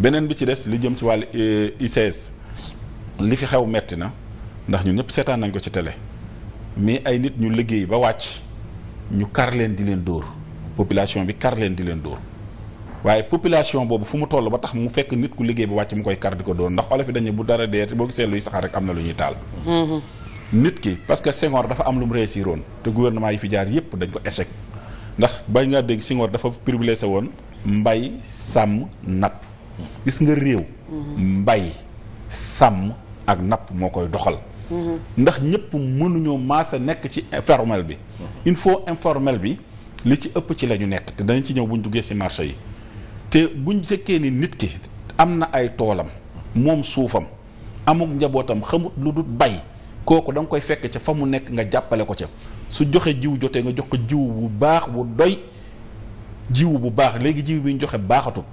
beneen bi ci des li jëm ci wàllu euh, ICS li fi xew metti na ndax ñun ñëpp seetaan nañ ko ci tele mais ay nit ñu liggéey ba wàcc ñu kar leen di leen dóor population bi kar leen di leen dóor waaye population boobu fu mu toll ba tax mu fekk nit ku liggéey ba wàcc mu koy kar di ko dóor ndax olof yi dañu bu dara dee boo gisee luy saxaar rek am na lu ñuy taal. Mm-hmm. nit ki parce que Senghor dafa am lu mu réussir woon te gouvernement yi fi jaar yépp dañ ko échec ndax bañ ngaa dégg Senghor dafa privilégié woon mbay sàmm napp. gis nga réew. mbay sàmm ak napp moo koy doxal. ndax ñëpp mënuñoo maasa nekk ci informel bi. il faut informel bi li ci ëpp ci lañu nekk te danañ ci ñëw buñ duggee ci marché yi te buñ sekkee ni nit ki am na ay toolam moom suufam amuk njabootam xamut lu dul bay kooku danga koy fekk ca fa mu nekk nga jàppale ko ca su joxe jiw jotee nga jox ko jiw bu baax bu doy jiw bu baax léegi jiw bi ñu joxe baaxatul.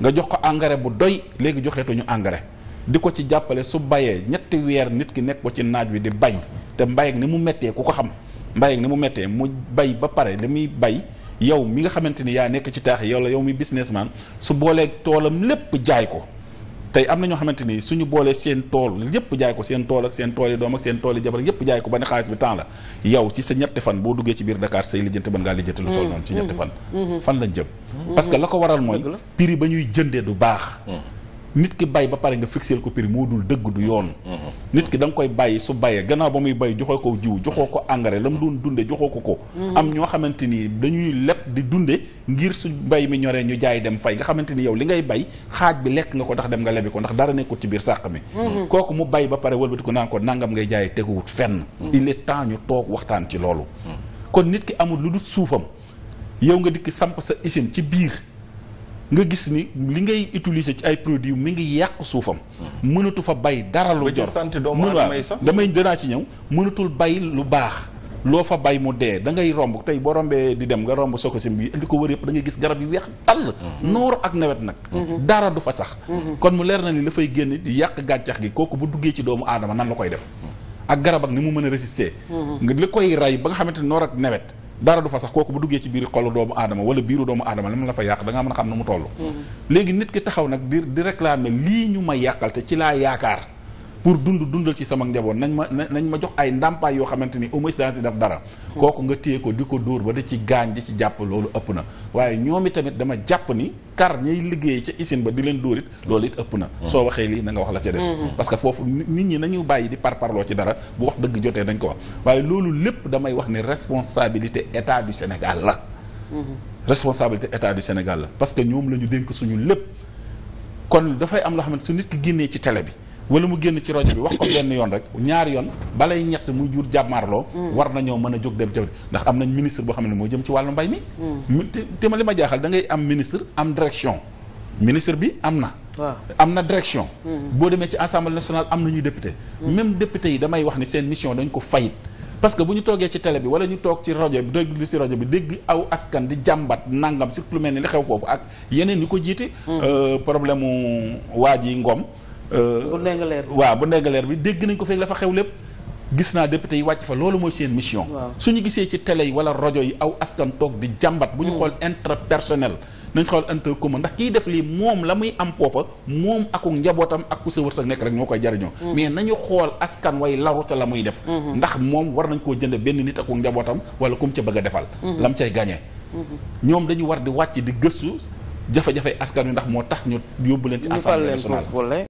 nga jox ko engrais bu doy léegi joxee tu ñu engrais di ko ci jàppale su bayee ñetti weer nit ki nekk ko ci naaj wi di bay te mbay ak ni mu méttee ku ko xam mbay ak ni mu méttee mu bay ba pare li muy bay yow mi nga xamante ni yaa nekk ci taax yow la yow mi businessman su boolee toolam lépp jaay ko tey am na ñoo xamante ni suñu boolee seen tool yépp jaay ko seen tool ak seen tool yi doom ak seen tool yi jabar yépp jaay ko ba ne xaalis bi temps la yow ci sa ñetti fan boo duggee ci biir Dakar say lijjanti mën ngaa lijjanti lu toll mm. noonu ci ñetti mm. fan mm. fan lañ jëm parce la ko waral mooy prix ba ñuy jëndee du baax nit ki bay ba pare nga fixé ko prix moo dul dëgg du yoon. Mm-hmm. nit ki da nga koy bàyyi su bayee gannaaw ba muy bay joxoo ko jiw joxoo ko engrais la mu doon dunde joxoo ko ko. Mm-hmm. am ñoo xamante ni dañuy leb di dunde ngir su bay mi ñoree ñu jaay dem fay nga xamante ni yow li ngay bay xaaj bi lekk nga ko ndax dem nga lebi ko ndax dara ko ci biir sàq mi. Mm-hmm. kooku mu bay ba pare wëlbati ko naan ko nangam ngay jaay teguwut fenn. il est temps ñu toog waxtaan ci loolu. kon nit ki amul lu dul suufam yow nga dikk samp sa ci biir. nga gis ni li ngay utiliser ci ay produit mi ngi yàq suufam. mënatu fa bay dara lu jor damay danaa ci ñëw mënatul bay lu baax. loo fa bay mu dee da ngay romb tey boo rombee di dem nga romb sokosim bi li ko wër yëpp da gis garab yu weex tàll noor ak nawet nag dara du fa sax kon mu leer na ni la fay génn di yàq gàncax gi kooku bu duggee ci doomu aadama nan la koy def ak garab ak ni mu mën a résister nga li koy ray ba nga xamante noor ak nawet dara du fa sax kooku bu duggee ci biir xolu doomu aadama wala biiru doomu aadama la mu la fa yàq da nga a xam ne mu toll mm-hmm. léegi nit ki taxaw nag di di réclamer lii ñu ma yàqal te ci laa yaakaar pour dund dundal ci sama njaboot nañ ma nañ ma jox ay ndàmpaay yoo xamante ni au moins dana def dara kooku nga téye ko di ko dóor ba de ci gaañ di ci jàpp loolu ëpp na waaye ñoom i tamit dama jàpp ni kar ñay liggéey ca usine ba di leen dóor it loolu it ëpp na soo waxee lii na nga wax la ca des mm-hmm. Mm-hmm. parce que foofu nit ñi nañu bàyyi di parparloo ci dara bu wax dëgg jotee dañ ko wax waaye loolu lépp damay wax ni responsabilité état du Sénégal la mm-hmm. responsabilité état du Sénégal parce que ñoom la ñu dénk suñu lépp kon dafay am loo xamante su nit ki génnee ci télé bi wala mu génn ci rajo bi wax ko benn yoon rek ñaari yoon balay ñett muy jur jàmmaarloo mm. war nañoo mën a jóg dem jaww ndax am nañ ministre boo xam ne moo jëm ci wàllu mbay mi mm. te ma li ma jaaxal da ngay am ministre am direction ministre bi am na am na direction mm. boo demee ci assemblée nationale am nañuy député même député yi damay wax ni seen mission dañ ko fayit parce que bu ñu toogee ci tele bi wala ñu toog ci rajo bi déglu ci rajo bi dégg aw askan di jàmbat nangam surtout lu mel ni li xew foofu ak yeneen ñu ko jiite euh, problème mu waa ji ngoom Euh, bu ndengaleer bi waaw bu ndengaleer bi dégg nañ ko feeg la fa xew lépp. gis naa député yi wàcc fa loolu mooy seen mission. su ñu gisee ci télé yi wala rajo yi aw askan toog di jàmbat. bu ñu mm. xool intrapersonnel. nañ xool intérêt commun ndax kiy def lii moom la muy am foofa moom akuk njabootam ak ku sa nekk rek ñoo koy jariñoo mm. mais nañu xool askan way laru ca la muy def mm-hmm. ndax moom war nañ koo jënd benn nit akuk njabootam wala ku mu ca bëgg a defal mm-hmm. lam cay gagné mm-hmm. ñoom dañu war di wàcc di gëstu jafe askan wi ndax moo tax ñu yóbbu leen ci assemblée nationale